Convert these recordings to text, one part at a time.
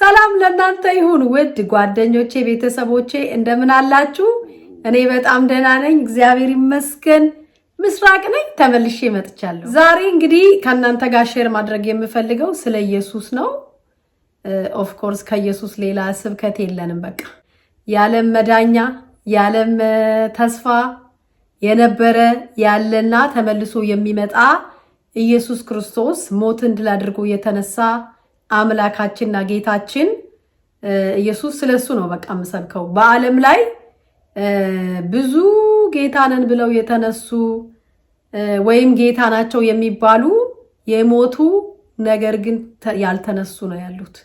ሰላም ለእናንተ ይሁን ውድ ጓደኞቼ፣ ቤተሰቦቼ እንደምን አላችሁ? እኔ በጣም ደህና ነኝ፣ እግዚአብሔር ይመስገን። ምስራቅ ነኝ፣ ተመልሼ መጥቻለሁ። ዛሬ እንግዲህ ከእናንተ ጋር ሼር ማድረግ የምፈልገው ስለ ኢየሱስ ነው። ኦፍኮርስ ከኢየሱስ ሌላ ስብከት የለንም። በቃ የዓለም መዳኛ የዓለም ተስፋ የነበረ ያለና ተመልሶ የሚመጣ ኢየሱስ ክርስቶስ ሞትን ድል አድርጎ የተነሳ አምላካችንና ጌታችን ኢየሱስ ስለሱ ነው በቃ የምሰብከው። በዓለም ላይ ብዙ ጌታ ነን ብለው የተነሱ ወይም ጌታ ናቸው የሚባሉ የሞቱ ነገር ግን ያልተነሱ ነው ያሉት።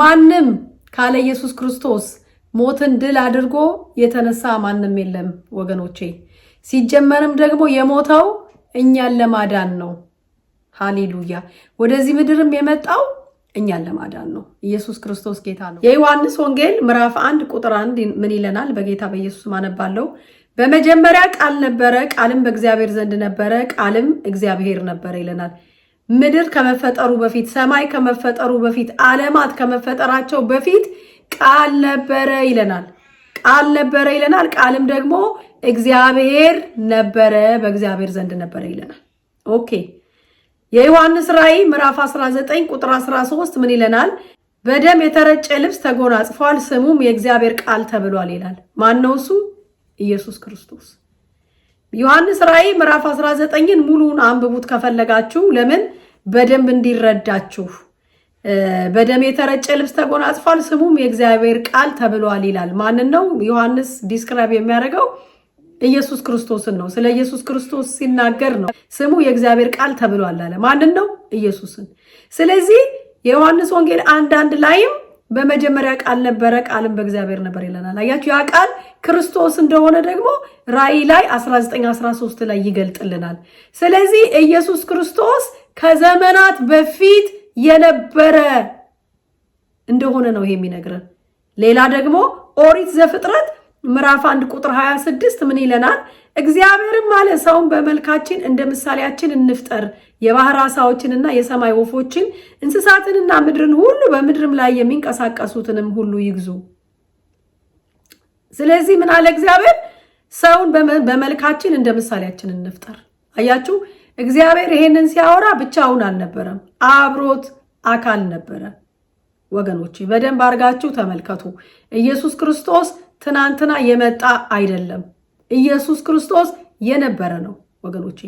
ማንም ካለ ኢየሱስ ክርስቶስ ሞትን ድል አድርጎ የተነሳ ማንም የለም ወገኖቼ። ሲጀመርም ደግሞ የሞተው እኛን ለማዳን ነው። ሃሌሉያ። ወደዚህ ምድርም የመጣው እኛን ለማዳን ነው። ኢየሱስ ክርስቶስ ጌታ ነው። የዮሐንስ ወንጌል ምዕራፍ አንድ ቁጥር አንድ ምን ይለናል? በጌታ በኢየሱስ ማነባለው። በመጀመሪያ ቃል ነበረ፣ ቃልም በእግዚአብሔር ዘንድ ነበረ፣ ቃልም እግዚአብሔር ነበረ ይለናል። ምድር ከመፈጠሩ በፊት፣ ሰማይ ከመፈጠሩ በፊት፣ ዓለማት ከመፈጠራቸው በፊት ቃል ነበረ ይለናል። ቃል ነበረ ይለናል። ቃልም ደግሞ እግዚአብሔር ነበረ፣ በእግዚአብሔር ዘንድ ነበረ ይለናል። ኦኬ የዮሐንስ ራእይ ምዕራፍ 19 ቁጥር 13 ምን ይለናል? በደም የተረጨ ልብስ ተጎናጽፏል፣ ስሙም የእግዚአብሔር ቃል ተብሏል ይላል። ማን ነው እሱ? ኢየሱስ ክርስቶስ። ዮሐንስ ራእይ ምዕራፍ 19ን ሙሉውን አንብቡት ከፈለጋችሁ። ለምን በደንብ እንዲረዳችሁ። በደም የተረጨ ልብስ ተጎናጽፏል፣ ስሙም የእግዚአብሔር ቃል ተብሏል ይላል። ማንን ነው ዮሐንስ ዲስክራይብ የሚያደርገው? ኢየሱስ ክርስቶስን ነው። ስለ ኢየሱስ ክርስቶስ ሲናገር ነው ስሙ የእግዚአብሔር ቃል ተብሏል አለ። ማንን ነው? ኢየሱስን። ስለዚህ የዮሐንስ ወንጌል አንዳንድ ላይም በመጀመሪያ ቃል ነበረ፣ ቃልም በእግዚአብሔር ነበር ይለናል። አያችሁ፣ ያ ቃል ክርስቶስ እንደሆነ ደግሞ ራእይ ላይ 1913 ላይ ይገልጥልናል። ስለዚህ ኢየሱስ ክርስቶስ ከዘመናት በፊት የነበረ እንደሆነ ነው ይሄ የሚነግረን። ሌላ ደግሞ ኦሪት ዘፍጥረት ምዕራፍ አንድ ቁጥር 26 ምን ይለናል? እግዚአብሔርም አለ ሰውን በመልካችን እንደ ምሳሌያችን እንፍጠር፣ የባህር ዓሣዎችንና የሰማይ ወፎችን እንስሳትንና ምድርን ሁሉ በምድርም ላይ የሚንቀሳቀሱትንም ሁሉ ይግዙ። ስለዚህ ምን አለ እግዚአብሔር? ሰውን በመልካችን እንደ ምሳሌያችን እንፍጠር። አያችሁ፣ እግዚአብሔር ይሄንን ሲያወራ ብቻውን አልነበረም፣ አብሮት አካል ነበረ። ወገኖች በደንብ አድርጋችሁ ተመልከቱ። ኢየሱስ ክርስቶስ ትናንትና የመጣ አይደለም። ኢየሱስ ክርስቶስ የነበረ ነው ወገኖቼ።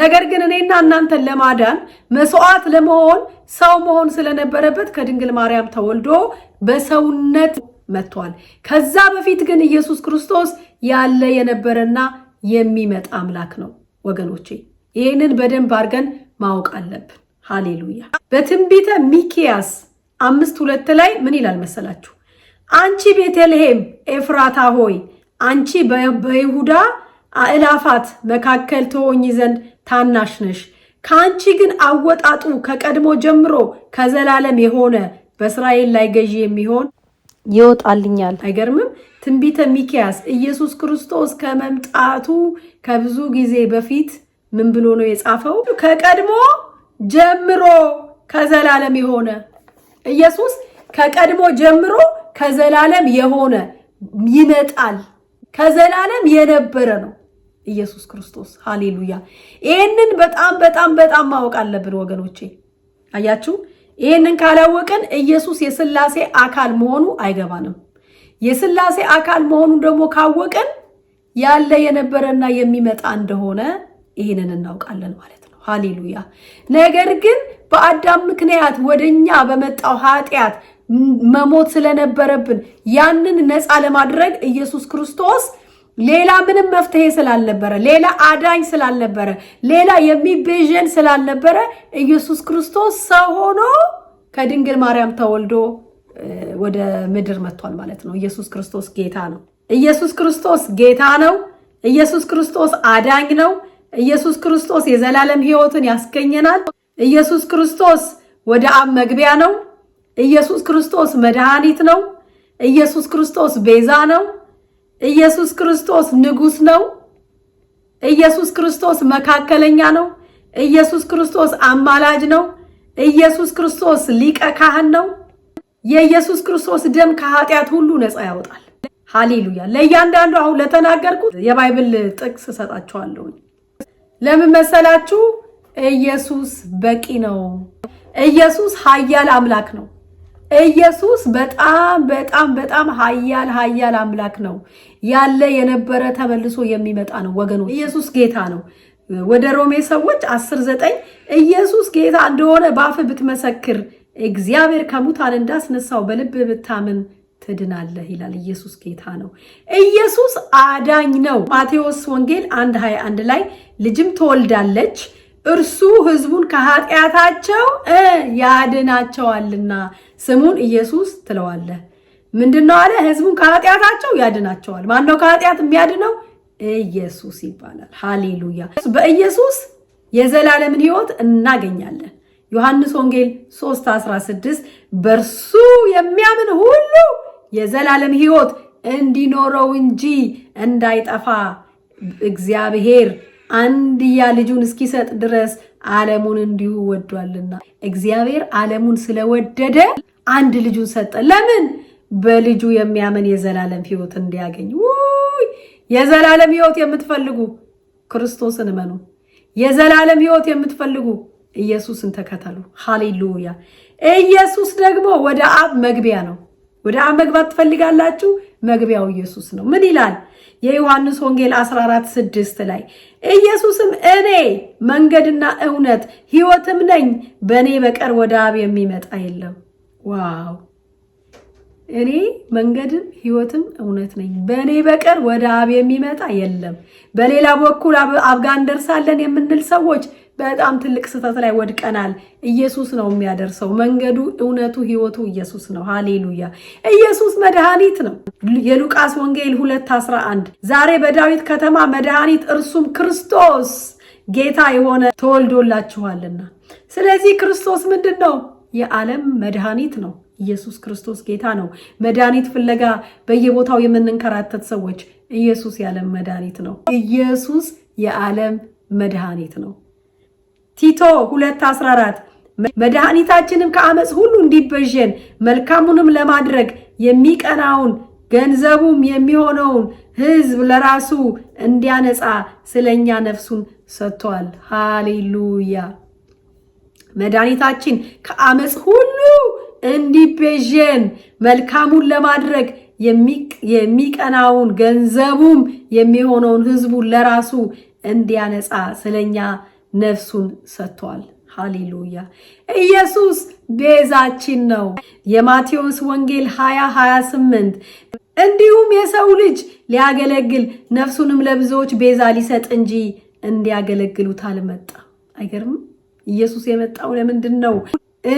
ነገር ግን እኔና እናንተን ለማዳን መስዋዕት ለመሆን ሰው መሆን ስለነበረበት ከድንግል ማርያም ተወልዶ በሰውነት መጥቷል። ከዛ በፊት ግን ኢየሱስ ክርስቶስ ያለ የነበረና የሚመጣ አምላክ ነው ወገኖቼ። ይህንን በደንብ አድርገን ማወቅ አለብን። ሃሌሉያ። በትንቢተ ሚኪያስ አምስት ሁለት ላይ ምን ይላል መሰላችሁ? አንቺ ቤተልሔም ኤፍራታ ሆይ አንቺ በይሁዳ አእላፋት መካከል ተሆኚ ዘንድ ታናሽ ነሽ። ከአንቺ ግን አወጣጡ ከቀድሞ ጀምሮ ከዘላለም የሆነ በእስራኤል ላይ ገዢ የሚሆን ይወጣልኛል። አይገርምም? ትንቢተ ሚኪያስ ኢየሱስ ክርስቶስ ከመምጣቱ ከብዙ ጊዜ በፊት ምን ብሎ ነው የጻፈው? ከቀድሞ ጀምሮ ከዘላለም የሆነ ኢየሱስ ከቀድሞ ጀምሮ ከዘላለም የሆነ ይመጣል። ከዘላለም የነበረ ነው ኢየሱስ ክርስቶስ። ሃሌሉያ! ይህንን በጣም በጣም በጣም ማወቅ አለብን ወገኖቼ። አያችሁ፣ ይህንን ካላወቅን ኢየሱስ የስላሴ አካል መሆኑ አይገባንም። የስላሴ አካል መሆኑን ደግሞ ካወቅን ያለ የነበረና የሚመጣ እንደሆነ ይህንን እናውቃለን ማለት ነው። ሃሌሉያ! ነገር ግን በአዳም ምክንያት ወደኛ በመጣው ኃጢአት መሞት ስለነበረብን ያንን ነፃ ለማድረግ ኢየሱስ ክርስቶስ ሌላ ምንም መፍትሄ ስላልነበረ፣ ሌላ አዳኝ ስላልነበረ፣ ሌላ የሚቤዥን ስላልነበረ ኢየሱስ ክርስቶስ ሰው ሆኖ ከድንግል ማርያም ተወልዶ ወደ ምድር መጥቷል ማለት ነው። ኢየሱስ ክርስቶስ ጌታ ነው። ኢየሱስ ክርስቶስ ጌታ ነው። ኢየሱስ ክርስቶስ አዳኝ ነው። ኢየሱስ ክርስቶስ የዘላለም ሕይወትን ያስገኘናል። ኢየሱስ ክርስቶስ ወደ አብ መግቢያ ነው። ኢየሱስ ክርስቶስ መድኃኒት ነው። ኢየሱስ ክርስቶስ ቤዛ ነው። ኢየሱስ ክርስቶስ ንጉሥ ነው። ኢየሱስ ክርስቶስ መካከለኛ ነው። ኢየሱስ ክርስቶስ አማላጅ ነው። ኢየሱስ ክርስቶስ ሊቀ ካህን ነው። የኢየሱስ ክርስቶስ ደም ከኃጢአት ሁሉ ነፃ ያወጣል። ሃሌሉያ! ለእያንዳንዱ አሁን ለተናገርኩት የባይብል ጥቅስ እሰጣችኋለሁ። ለምን መሰላችሁ? ኢየሱስ በቂ ነው። ኢየሱስ ኃያል አምላክ ነው። ኢየሱስ በጣም በጣም በጣም ኃያል ኃያል አምላክ ነው። ያለ የነበረ ተመልሶ የሚመጣ ነው። ወገኖች ኢየሱስ ጌታ ነው። ወደ ሮሜ ሰዎች 19 ኢየሱስ ጌታ እንደሆነ በአፍ ብትመሰክር እግዚአብሔር ከሙታን እንዳስነሳው በልብ ብታምን ትድናለህ ይላል። ኢየሱስ ጌታ ነው። ኢየሱስ አዳኝ ነው። ማቴዎስ ወንጌል 1 21 ላይ ልጅም ትወልዳለች እርሱ ህዝቡን ከኃጢአታቸው ያድናቸዋልና ስሙን ኢየሱስ ትለዋለህ። ምንድን ነው አለ? ህዝቡን ከኃጢአታቸው ያድናቸዋል። ነው ከኃጢአት የሚያድነው? ኢየሱስ ይባላል። ሃሌሉያ! በኢየሱስ የዘላለምን ህይወት እናገኛለን። ዮሐንስ ወንጌል 3:16 በእርሱ የሚያምን ሁሉ የዘላለም ህይወት እንዲኖረው እንጂ እንዳይጠፋ እግዚአብሔር አንድያ ልጁን እስኪሰጥ ድረስ ዓለሙን እንዲሁ ወዷልና። እግዚአብሔር ዓለሙን ስለወደደ አንድ ልጁን ሰጠ። ለምን? በልጁ የሚያምን የዘላለም ሕይወት እንዲያገኝ። ውይ የዘላለም ሕይወት የምትፈልጉ ክርስቶስን እመኑ። የዘላለም ሕይወት የምትፈልጉ ኢየሱስን ተከተሉ። ሃሌሉያ! ኢየሱስ ደግሞ ወደ አብ መግቢያ ነው። ወደ አብ መግባት ትፈልጋላችሁ? መግቢያው ኢየሱስ ነው። ምን ይላል? የዮሐንስ ወንጌል 14 ስድስት ላይ ኢየሱስም እኔ መንገድና እውነት ሕይወትም ነኝ፣ በእኔ በቀር ወደ አብ የሚመጣ የለም። ዋው! እኔ መንገድም ሕይወትም እውነት ነኝ፣ በእኔ በቀር ወደ አብ የሚመጣ የለም። በሌላ በኩል አብ ጋር እንደርሳለን የምንል ሰዎች በጣም ትልቅ ስህተት ላይ ወድቀናል። ኢየሱስ ነው የሚያደርሰው። መንገዱ፣ እውነቱ፣ ህይወቱ ኢየሱስ ነው። ሃሌሉያ! ኢየሱስ መድኃኒት ነው። የሉቃስ ወንጌል 2:11 ዛሬ በዳዊት ከተማ መድኃኒት እርሱም ክርስቶስ ጌታ የሆነ ተወልዶላችኋልና። ስለዚህ ክርስቶስ ምንድን ነው? የዓለም መድኃኒት ነው። ኢየሱስ ክርስቶስ ጌታ ነው። መድኃኒት ፍለጋ በየቦታው የምንንከራተት ሰዎች ኢየሱስ የዓለም መድኃኒት ነው። ኢየሱስ የዓለም መድኃኒት ነው። ቲቶ 2:14 መድኃኒታችንም ከአመፅ ሁሉ እንዲበጀን መልካሙንም ለማድረግ የሚቀናውን ገንዘቡም የሚሆነውን ሕዝብ ለራሱ እንዲያነጻ ስለኛ ነፍሱን ሰጥቷል። ሃሌሉያ። መድኃኒታችን ከአመፅ ሁሉ እንዲቤዠን መልካሙን ለማድረግ የሚቀናውን ገንዘቡም የሚሆነውን ሕዝቡን ለራሱ እንዲያነጻ ስለኛ ነፍሱን ሰጥቷል። ሃሌሉያ! ኢየሱስ ቤዛችን ነው። የማቴዎስ ወንጌል 20 28 እንዲሁም የሰው ልጅ ሊያገለግል ነፍሱንም ለብዙዎች ቤዛ ሊሰጥ እንጂ እንዲያገለግሉት አልመጣ። አይገርምም? ኢየሱስ የመጣው ለምንድን ነው?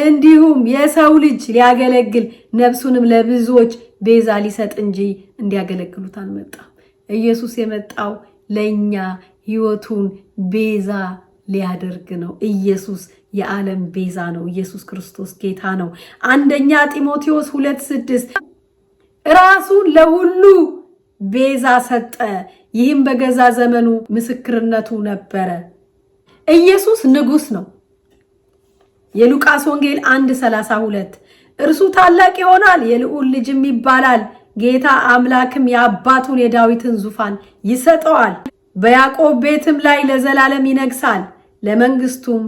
እንዲሁም የሰው ልጅ ሊያገለግል ነፍሱንም ለብዙዎች ቤዛ ሊሰጥ እንጂ እንዲያገለግሉት አልመጣም። ኢየሱስ የመጣው ለእኛ ሕይወቱን ቤዛ ሊያደርግ ነው። ኢየሱስ የዓለም ቤዛ ነው። ኢየሱስ ክርስቶስ ጌታ ነው። አንደኛ ጢሞቴዎስ ሁለት ስድስት ራሱን ለሁሉ ቤዛ ሰጠ፣ ይህም በገዛ ዘመኑ ምስክርነቱ ነበረ። ኢየሱስ ንጉሥ ነው። የሉቃስ ወንጌል አንድ ሰላሳ ሁለት እርሱ ታላቅ ይሆናል የልዑል ልጅም ይባላል ጌታ አምላክም የአባቱን የዳዊትን ዙፋን ይሰጠዋል በያዕቆብ ቤትም ላይ ለዘላለም ይነግሳል። ለመንግስቱም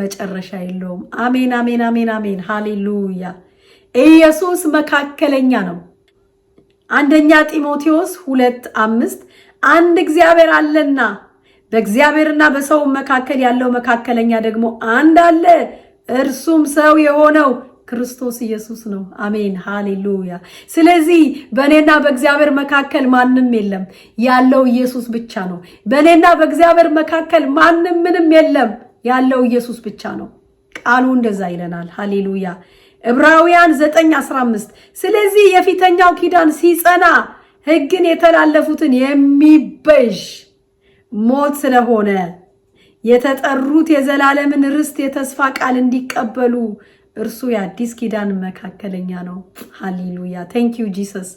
መጨረሻ የለውም። አሜን፣ አሜን፣ አሜን፣ አሜን። ሃሌሉያ። ኢየሱስ መካከለኛ ነው። አንደኛ ጢሞቴዎስ ሁለት አምስት አንድ እግዚአብሔር አለና በእግዚአብሔርና በሰው መካከል ያለው መካከለኛ ደግሞ አንድ አለ እርሱም ሰው የሆነው ክርስቶስ ኢየሱስ ነው። አሜን ሃሌሉያ። ስለዚህ በእኔና በእግዚአብሔር መካከል ማንም የለም፣ ያለው ኢየሱስ ብቻ ነው። በእኔና በእግዚአብሔር መካከል ማንም ምንም የለም፣ ያለው ኢየሱስ ብቻ ነው። ቃሉ እንደዛ ይለናል። ሃሌሉያ። ዕብራውያን 9:15 ስለዚህ የፊተኛው ኪዳን ሲጸና ሕግን የተላለፉትን የሚበዥ ሞት ስለሆነ የተጠሩት የዘላለምን ርስት የተስፋ ቃል እንዲቀበሉ እርሱ የአዲስ ኪዳን መካከለኛ ነው። ሃሌሉያ ቴንክ ዩ ጂሰስ።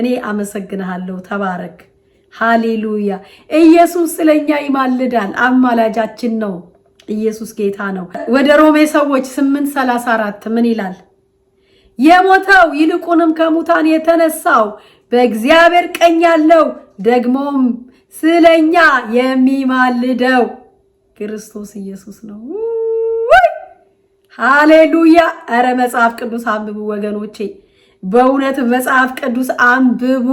እኔ አመሰግንሃለሁ። ተባረክ። ሃሌሉያ። ኢየሱስ ስለኛ ይማልዳል፣ አማላጃችን ነው። ኢየሱስ ጌታ ነው። ወደ ሮሜ ሰዎች 8:34 ምን ይላል? የሞተው ይልቁንም ከሙታን የተነሳው በእግዚአብሔር ቀኝ ያለው ደግሞም ስለኛ የሚማልደው ክርስቶስ ኢየሱስ ነው። ሃሌሉያ! እረ መጽሐፍ ቅዱስ አንብቡ ወገኖቼ፣ በእውነት መጽሐፍ ቅዱስ አንብቡ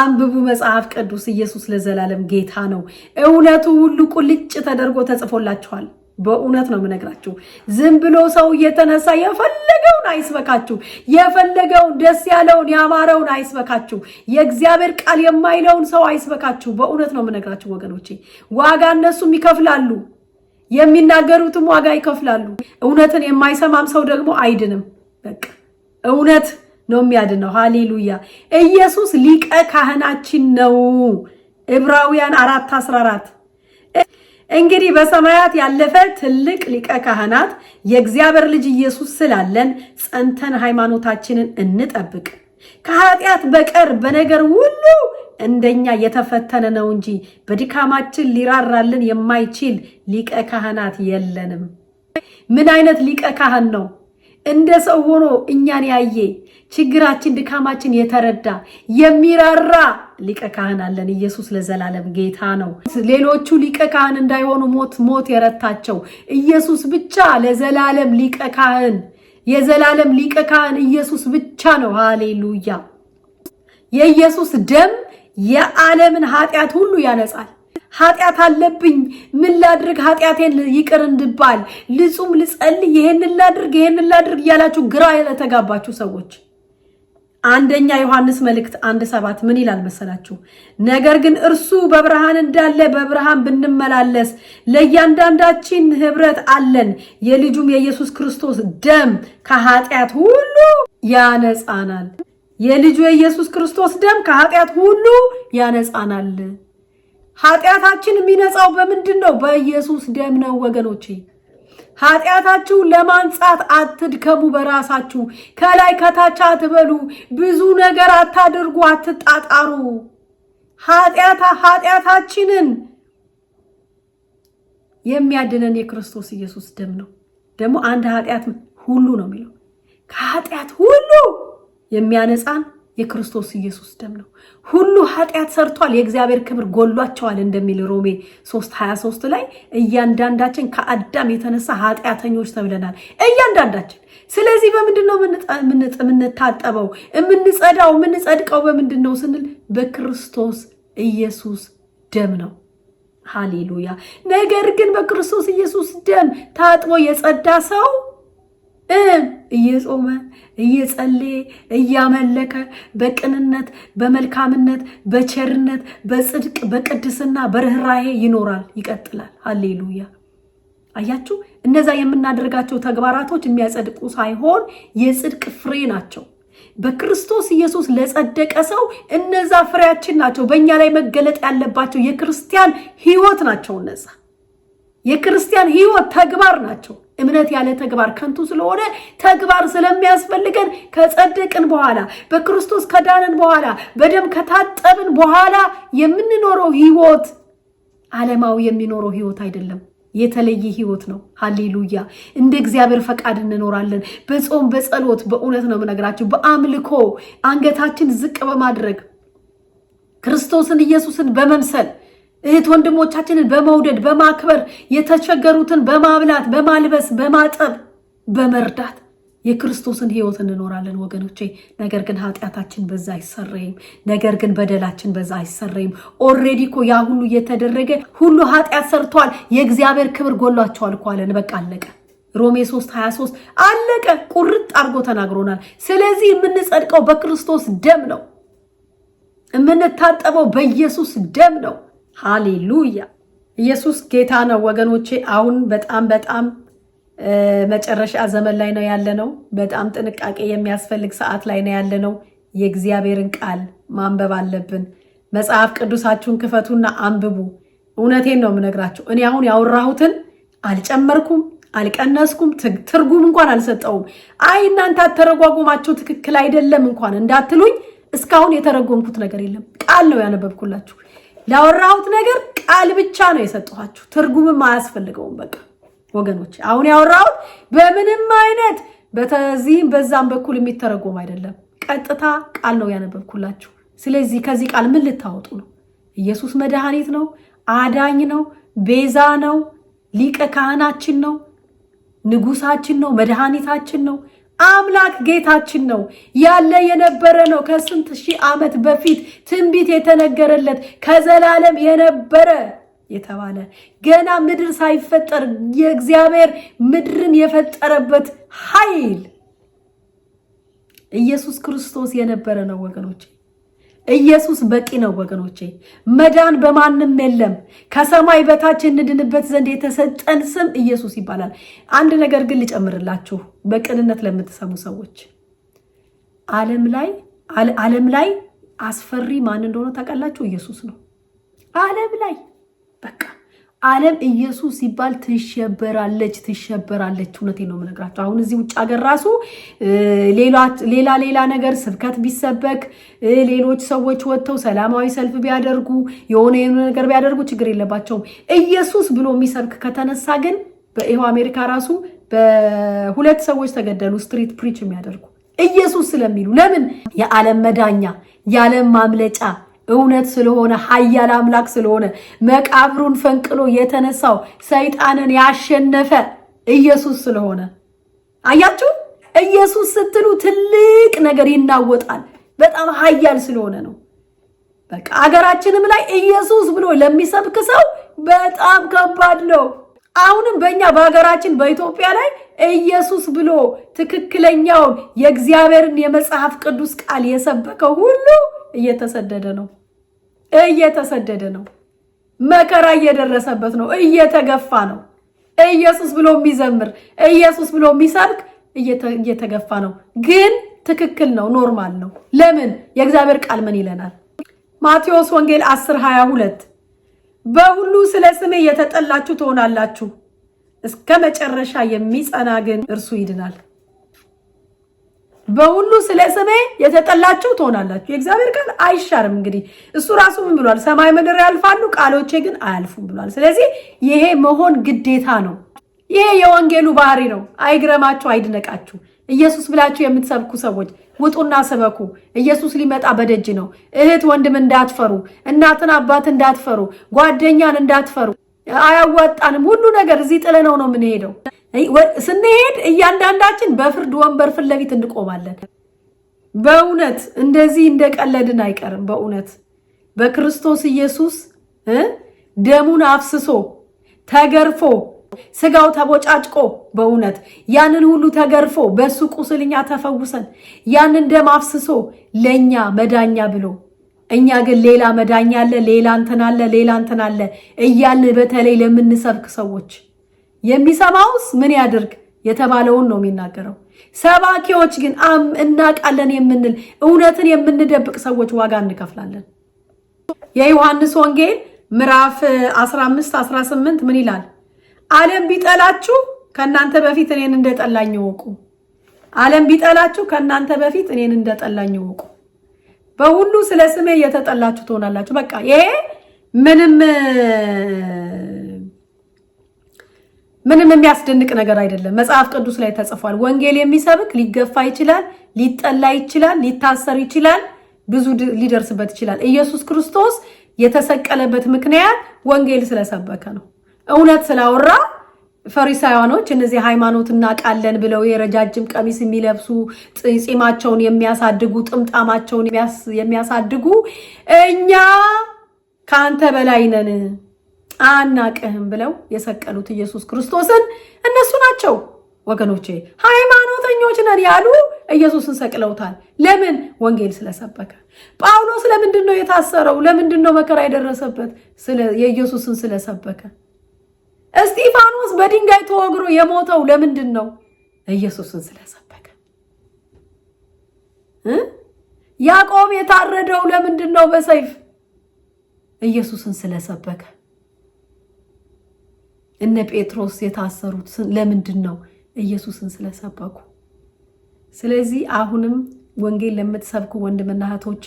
አንብቡ መጽሐፍ ቅዱስ። ኢየሱስ ለዘላለም ጌታ ነው። እውነቱ ሁሉ ቁልጭ ተደርጎ ተጽፎላችኋል። በእውነት ነው የምነግራችሁ። ዝም ብሎ ሰው እየተነሳ የፈለገውን አይስበካችሁ፣ የፈለገውን ደስ ያለውን ያማረውን አይስበካችሁ፣ የእግዚአብሔር ቃል የማይለውን ሰው አይስበካችሁ። በእውነት ነው የምነግራችሁ ወገኖቼ፣ ዋጋ እነሱም ይከፍላሉ። የሚናገሩትም ዋጋ ይከፍላሉ። እውነትን የማይሰማም ሰው ደግሞ አይድንም። በቃ እውነት ነው የሚያድነው። ሃሌሉያ! ኢየሱስ ሊቀ ካህናችን ነው። ዕብራውያን አራት አስራ አራት እንግዲህ በሰማያት ያለፈ ትልቅ ሊቀ ካህናት የእግዚአብሔር ልጅ ኢየሱስ ስላለን ጸንተን ሃይማኖታችንን እንጠብቅ። ከኃጢአት በቀር በነገር ሁሉ እንደኛ የተፈተነ ነው እንጂ በድካማችን ሊራራልን የማይችል ሊቀ ካህናት የለንም። ምን አይነት ሊቀ ካህን ነው? እንደ ሰው ሆኖ እኛን ያየ ችግራችን፣ ድካማችን የተረዳ የሚራራ ሊቀ ካህን አለን። ኢየሱስ ለዘላለም ጌታ ነው። ሌሎቹ ሊቀ ካህን እንዳይሆኑ ሞት ሞት የረታቸው ኢየሱስ ብቻ ለዘላለም ሊቀ ካህን የዘላለም ሊቀ ካህን ኢየሱስ ብቻ ነው። ሃሌሉያ! የኢየሱስ ደም የዓለምን ኃጢአት ሁሉ ያነጻል። ኃጢአት አለብኝ ምን ላድርግ? ኃጢአቴን ይቅር እንድባል ልጹም፣ ልጸልይ፣ ይሄን ላድርግ፣ ይሄንን ላድርግ እያላችሁ ግራ ለተጋባችሁ ሰዎች አንደኛ ዮሐንስ መልእክት አንድ ሰባት ምን ይላል መሰላችሁ? ነገር ግን እርሱ በብርሃን እንዳለ በብርሃን ብንመላለስ ለእያንዳንዳችን ህብረት አለን፣ የልጁም የኢየሱስ ክርስቶስ ደም ከኃጢአት ሁሉ ያነጻናል። የልጁ የኢየሱስ ክርስቶስ ደም ከኃጢአት ሁሉ ያነጻናል። ኃጢአታችን የሚነጻው በምንድን ነው? በኢየሱስ ደም ነው ወገኖቼ። ኃጢአታችሁ ለማንጻት አትድከሙ በራሳችሁ። ከላይ ከታች አትበሉ። ብዙ ነገር አታድርጉ፣ አትጣጣሩ። ኃጢአታችንን የሚያድነን የክርስቶስ ኢየሱስ ደም ነው። ደግሞ አንድ ኃጢአት ሁሉ ነው የሚለው ከኃጢአት ሁሉ የሚያነጻን የክርስቶስ ኢየሱስ ደም ነው። ሁሉ ኃጢአት ሰርቷል፣ የእግዚአብሔር ክብር ጎሏቸዋል እንደሚል ሮሜ 3 23 ላይ እያንዳንዳችን ከአዳም የተነሳ ኃጢአተኞች ተብለናል። እያንዳንዳችን። ስለዚህ በምንድን ነው የምንታጠበው፣ የምንጸዳው፣ የምንጸድቀው በምንድን ነው ስንል በክርስቶስ ኢየሱስ ደም ነው። ሃሌሉያ። ነገር ግን በክርስቶስ ኢየሱስ ደም ታጥቦ የጸዳ ሰው እየጾመ እየጸለየ እያመለከ በቅንነት በመልካምነት በቸርነት በጽድቅ በቅድስና በርኅራሄ ይኖራል፣ ይቀጥላል። ሀሌሉያ አያችሁ፣ እነዛ የምናደርጋቸው ተግባራቶች የሚያጸድቁ ሳይሆን የጽድቅ ፍሬ ናቸው። በክርስቶስ ኢየሱስ ለጸደቀ ሰው እነዛ ፍሬያችን ናቸው። በእኛ ላይ መገለጥ ያለባቸው የክርስቲያን ሕይወት ናቸው። እነዛ የክርስቲያን ሕይወት ተግባር ናቸው። እምነት ያለ ተግባር ከንቱ ስለሆነ ተግባር ስለሚያስፈልገን ከጸደቅን በኋላ በክርስቶስ ከዳንን በኋላ በደም ከታጠብን በኋላ የምንኖረው ህይወት ዓለማዊ የሚኖረው ህይወት አይደለም። የተለየ ህይወት ነው። ሀሌሉያ! እንደ እግዚአብሔር ፈቃድ እንኖራለን። በጾም በጸሎት፣ በእውነት ነው የምነግራችሁ፣ በአምልኮ አንገታችን ዝቅ በማድረግ ክርስቶስን ኢየሱስን በመምሰል እህት ወንድሞቻችንን በመውደድ በማክበር የተቸገሩትን በማብላት በማልበስ በማጠብ በመርዳት የክርስቶስን ህይወት እንኖራለን ወገኖቼ። ነገር ግን ኃጢአታችን በዛ አይሰረይም። ነገር ግን በደላችን በዛ አይሰረይም። ኦሬዲ እኮ ያ ሁሉ እየተደረገ ሁሉ ኃጢአት ሰርተዋል፣ የእግዚአብሔር ክብር ጎሏቸዋል እኮ አለን። በቃ አለቀ። ሮሜ 3 23 አለቀ። ቁርጥ አድርጎ ተናግሮናል። ስለዚህ የምንጸድቀው በክርስቶስ ደም ነው። የምንታጠበው በኢየሱስ ደም ነው። ሃሌሉያ ኢየሱስ ጌታ ነው ወገኖቼ። አሁን በጣም በጣም መጨረሻ ዘመን ላይ ነው ያለነው። በጣም ጥንቃቄ የሚያስፈልግ ሰዓት ላይ ነው ያለነው። የእግዚአብሔርን ቃል ማንበብ አለብን። መጽሐፍ ቅዱሳችሁን ክፈቱና አንብቡ። እውነቴን ነው የምነግራችሁ። እኔ አሁን ያወራሁትን አልጨመርኩም፣ አልቀነስኩም፣ ትርጉም እንኳን አልሰጠውም። አይ እናንተ አተረጓጉማችሁ ትክክል አይደለም እንኳን እንዳትሉኝ፣ እስካሁን የተረጎምኩት ነገር የለም። ቃል ነው ያነበብኩላችሁ። ላወራሁት ነገር ቃል ብቻ ነው የሰጠኋችሁ። ትርጉምም አያስፈልገውም። በቃ ወገኖች አሁን ያወራሁት በምንም አይነት በዚህም በዛም በኩል የሚተረጎም አይደለም። ቀጥታ ቃል ነው ያነበብኩላችሁ። ስለዚህ ከዚህ ቃል ምን ልታወጡ ነው? ኢየሱስ መድኃኒት ነው፣ አዳኝ ነው፣ ቤዛ ነው፣ ሊቀ ካህናችን ነው፣ ንጉሳችን ነው፣ መድኃኒታችን ነው። አምላክ ጌታችን ነው ያለ የነበረ ነው። ከስንት ሺህ ዓመት በፊት ትንቢት የተነገረለት ከዘላለም የነበረ የተባለ ገና ምድር ሳይፈጠር የእግዚአብሔር ምድርን የፈጠረበት ኃይል ኢየሱስ ክርስቶስ የነበረ ነው ወገኖች። ኢየሱስ በቂ ነው ወገኖቼ። መዳን በማንም የለም። ከሰማይ በታች እንድንበት ዘንድ የተሰጠን ስም ኢየሱስ ይባላል። አንድ ነገር ግን ልጨምርላችሁ፣ በቅንነት ለምትሰሙ ሰዎች ዓለም ላይ ዓለም ላይ አስፈሪ ማን እንደሆነ ታውቃላችሁ? ኢየሱስ ነው። ዓለም ላይ በቃ ዓለም ኢየሱስ ሲባል ትሸበራለች ትሸበራለች። እውነቴ ነው የምነግራቸው። አሁን እዚህ ውጭ ሀገር ራሱ ሌላ ሌላ ነገር ስብከት ቢሰበክ ሌሎች ሰዎች ወጥተው ሰላማዊ ሰልፍ ቢያደርጉ የሆነ ነገር ቢያደርጉ ችግር የለባቸውም። ኢየሱስ ብሎ የሚሰብክ ከተነሳ ግን በይኸው አሜሪካ ራሱ በሁለት ሰዎች ተገደሉ፣ ስትሪት ፕሪች የሚያደርጉ ኢየሱስ ስለሚሉ ለምን የዓለም መዳኛ የዓለም ማምለጫ እውነት ስለሆነ ኃያል አምላክ ስለሆነ መቃብሩን ፈንቅሎ የተነሳው ሰይጣንን ያሸነፈ ኢየሱስ ስለሆነ አያችሁ፣ ኢየሱስ ስትሉ ትልቅ ነገር ይናወጣል። በጣም ኃያል ስለሆነ ነው። በቃ አገራችንም ላይ ኢየሱስ ብሎ ለሚሰብክ ሰው በጣም ከባድ ነው። አሁንም በእኛ በሀገራችን በኢትዮጵያ ላይ ኢየሱስ ብሎ ትክክለኛውን የእግዚአብሔርን የመጽሐፍ ቅዱስ ቃል የሰበከው ሁሉ እየተሰደደ ነው። እየተሰደደ ነው። መከራ እየደረሰበት ነው። እየተገፋ ነው። ኢየሱስ ብሎ የሚዘምር ኢየሱስ ብሎ የሚሰብክ እየተገፋ ነው። ግን ትክክል ነው፣ ኖርማል ነው። ለምን? የእግዚአብሔር ቃል ምን ይለናል? ማቴዎስ ወንጌል 10 22 በሁሉ ስለ ስሜ የተጠላችሁ ትሆናላችሁ፣ እስከ መጨረሻ የሚጸና ግን እርሱ ይድናል። በሁሉ ስለ ስሜ የተጠላችሁ ትሆናላችሁ። የእግዚአብሔር ቃል አይሻርም። እንግዲህ እሱ ራሱ ምን ብሏል? ሰማይ ምድር ያልፋሉ፣ ቃሎቼ ግን አያልፉም ብሏል። ስለዚህ ይሄ መሆን ግዴታ ነው። ይሄ የወንጌሉ ባህሪ ነው። አይግረማችሁ፣ አይድነቃችሁ። ኢየሱስ ብላችሁ የምትሰብኩ ሰዎች ውጡና ስበኩ። ኢየሱስ ሊመጣ በደጅ ነው። እህት ወንድም እንዳትፈሩ፣ እናትን አባት እንዳትፈሩ፣ ጓደኛን እንዳትፈሩ። አያዋጣንም። ሁሉ ነገር እዚህ ጥለነው ነው የምንሄደው። ስንሄድ እያንዳንዳችን በፍርድ ወንበር ፊት ለፊት እንቆማለን። በእውነት እንደዚህ እንደቀለድን አይቀርም። በእውነት በክርስቶስ ኢየሱስ ደሙን አፍስሶ ተገርፎ ስጋው ተቦጫጭቆ በእውነት ያንን ሁሉ ተገርፎ በእሱ ቁስል እኛ ተፈውሰን ያንን ደም አፍስሶ ለእኛ መዳኛ ብሎ እኛ ግን ሌላ መዳኛ አለ፣ ሌላ እንትን አለ፣ ሌላ እንትን አለ እያልን በተለይ ለምንሰብክ ሰዎች የሚሰማውስ ምን ያድርግ የተባለውን ነው የሚናገረው። ሰባኪዎች ግን እናውቃለን የምንል እውነትን የምንደብቅ ሰዎች ዋጋ እንከፍላለን። የዮሐንስ ወንጌል ምዕራፍ 15 18 ምን ይላል? ዓለም ቢጠላችሁ ከእናንተ በፊት እኔን እንደጠላኝ እወቁ። ዓለም ቢጠላችሁ ከእናንተ በፊት እኔን እንደጠላኝ እወቁ። በሁሉ ስለ ስሜ እየተጠላችሁ ትሆናላችሁ። በቃ ይሄ ምንም ምንም የሚያስደንቅ ነገር አይደለም። መጽሐፍ ቅዱስ ላይ ተጽፏል። ወንጌል የሚሰብክ ሊገፋ ይችላል፣ ሊጠላ ይችላል፣ ሊታሰር ይችላል፣ ብዙ ሊደርስበት ይችላል። ኢየሱስ ክርስቶስ የተሰቀለበት ምክንያት ወንጌል ስለሰበከ ነው። እውነት ስላወራ ፈሪሳውያኖች እነዚህ ሃይማኖት እናቃለን ብለው የረጃጅም ቀሚስ የሚለብሱ ፂማቸውን የሚያሳድጉ ጥምጣማቸውን የሚያሳድጉ እኛ ከአንተ በላይ ነን አናቅህም ብለው የሰቀሉት ኢየሱስ ክርስቶስን እነሱ ናቸው ወገኖቼ፣ ሃይማኖተኞች ነን ያሉ ኢየሱስን ሰቅለውታል። ለምን? ወንጌል ስለሰበከ። ጳውሎስ ለምንድን ነው የታሰረው? ለምንድን ነው መከራ የደረሰበት? የኢየሱስን ስለሰበከ። እስጢፋኖስ በድንጋይ ተወግሮ የሞተው ለምንድን ነው? ኢየሱስን ስለሰበከ። ያዕቆብ የታረደው ለምንድን ነው በሰይፍ? ኢየሱስን ስለሰበከ። እነ ጴጥሮስ የታሰሩት ለምንድን ነው? ኢየሱስን ስለሰበኩ። ስለዚህ አሁንም ወንጌል ለምትሰብኩ ወንድምና እህቶቼ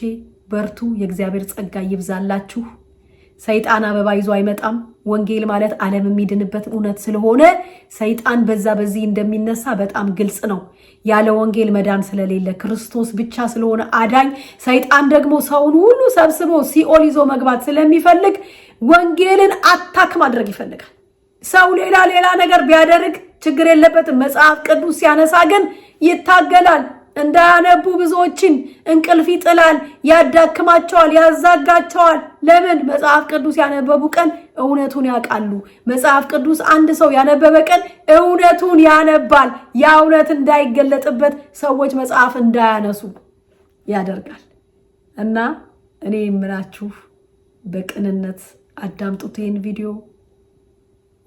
በርቱ። የእግዚአብሔር ጸጋ ይብዛላችሁ። ሰይጣን አበባ ይዞ አይመጣም። ወንጌል ማለት ዓለም የሚድንበት እውነት ስለሆነ ሰይጣን በዛ በዚህ እንደሚነሳ በጣም ግልጽ ነው። ያለ ወንጌል መዳን ስለሌለ ክርስቶስ ብቻ ስለሆነ አዳኝ፣ ሰይጣን ደግሞ ሰውን ሁሉ ሰብስቦ ሲኦል ይዞ መግባት ስለሚፈልግ ወንጌልን አታክ ማድረግ ይፈልጋል። ሰው ሌላ ሌላ ነገር ቢያደርግ ችግር የለበትም። መጽሐፍ ቅዱስ ሲያነሳ ግን ይታገላል። እንዳያነቡ ብዙዎችን እንቅልፍ ይጥላል፣ ያዳክማቸዋል፣ ያዛጋቸዋል። ለምን? መጽሐፍ ቅዱስ ያነበቡ ቀን እውነቱን ያውቃሉ። መጽሐፍ ቅዱስ አንድ ሰው ያነበበ ቀን እውነቱን ያነባል። ያ እውነት እንዳይገለጥበት ሰዎች መጽሐፍ እንዳያነሱ ያደርጋል። እና እኔ የምላችሁ በቅንነት አዳምጡት ይህን ቪዲዮ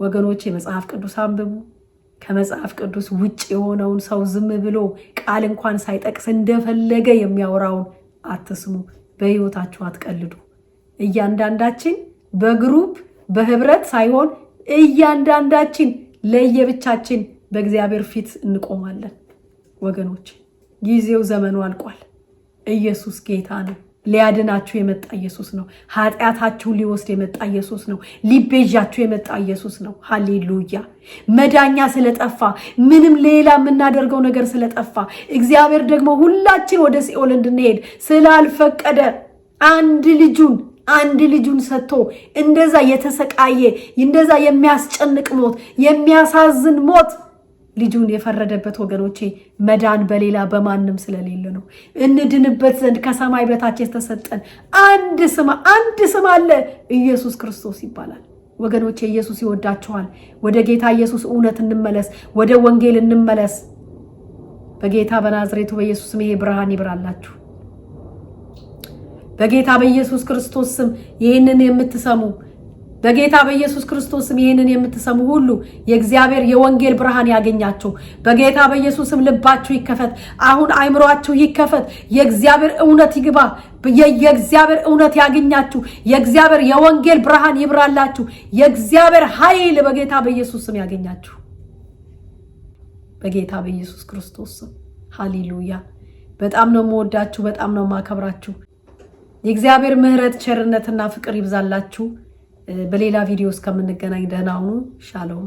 ወገኖቼ መጽሐፍ ቅዱስ አንብቡ። ከመጽሐፍ ቅዱስ ውጭ የሆነውን ሰው ዝም ብሎ ቃል እንኳን ሳይጠቅስ እንደፈለገ የሚያወራውን አትስሙ። በህይወታችሁ አትቀልዱ። እያንዳንዳችን በግሩፕ በህብረት ሳይሆን እያንዳንዳችን ለየብቻችን በእግዚአብሔር ፊት እንቆማለን። ወገኖች ጊዜው ዘመኑ አልቋል። ኢየሱስ ጌታ ነው። ሊያድናችሁ የመጣ ኢየሱስ ነው። ኃጢአታችሁን ሊወስድ የመጣ ኢየሱስ ነው። ሊቤዣችሁ የመጣ ኢየሱስ ነው። ሀሌሉያ መዳኛ ስለጠፋ ምንም ሌላ የምናደርገው ነገር ስለጠፋ እግዚአብሔር ደግሞ ሁላችን ወደ ሲኦል እንድንሄድ ስላልፈቀደ አንድ ልጁን አንድ ልጁን ሰጥቶ እንደዛ የተሰቃየ እንደዛ የሚያስጨንቅ ሞት የሚያሳዝን ሞት ልጁን የፈረደበት ወገኖቼ መዳን በሌላ በማንም ስለሌለ ነው። እንድንበት ዘንድ ከሰማይ በታች የተሰጠን አንድ ስም አንድ ስም አለ፣ ኢየሱስ ክርስቶስ ይባላል። ወገኖቼ ኢየሱስ ይወዳችኋል። ወደ ጌታ ኢየሱስ እውነት እንመለስ፣ ወደ ወንጌል እንመለስ። በጌታ በናዝሬቱ በኢየሱስ ስም ይሄ ብርሃን ይብራላችሁ። በጌታ በኢየሱስ ክርስቶስ ስም ይህንን የምትሰሙ በጌታ በኢየሱስ ክርስቶስም ይህንን የምትሰሙ ሁሉ የእግዚአብሔር የወንጌል ብርሃን ያገኛችሁ። በጌታ በኢየሱስም ልባችሁ ይከፈት፣ አሁን አይምሯችሁ ይከፈት፣ የእግዚአብሔር እውነት ይግባ፣ የእግዚአብሔር እውነት ያገኛችሁ፣ የእግዚአብሔር የወንጌል ብርሃን ይብራላችሁ፣ የእግዚአብሔር ኃይል በጌታ በኢየሱስም ያገኛችሁ። በጌታ በኢየሱስ ክርስቶስም ሃሌሉያ። በጣም ነው የምወዳችሁ፣ በጣም ነው የማከብራችሁ። የእግዚአብሔር ምሕረት ቸርነትና ፍቅር ይብዛላችሁ። በሌላ ቪዲዮ እስከምንገናኝ ደህና ሁኑ። ሻሎም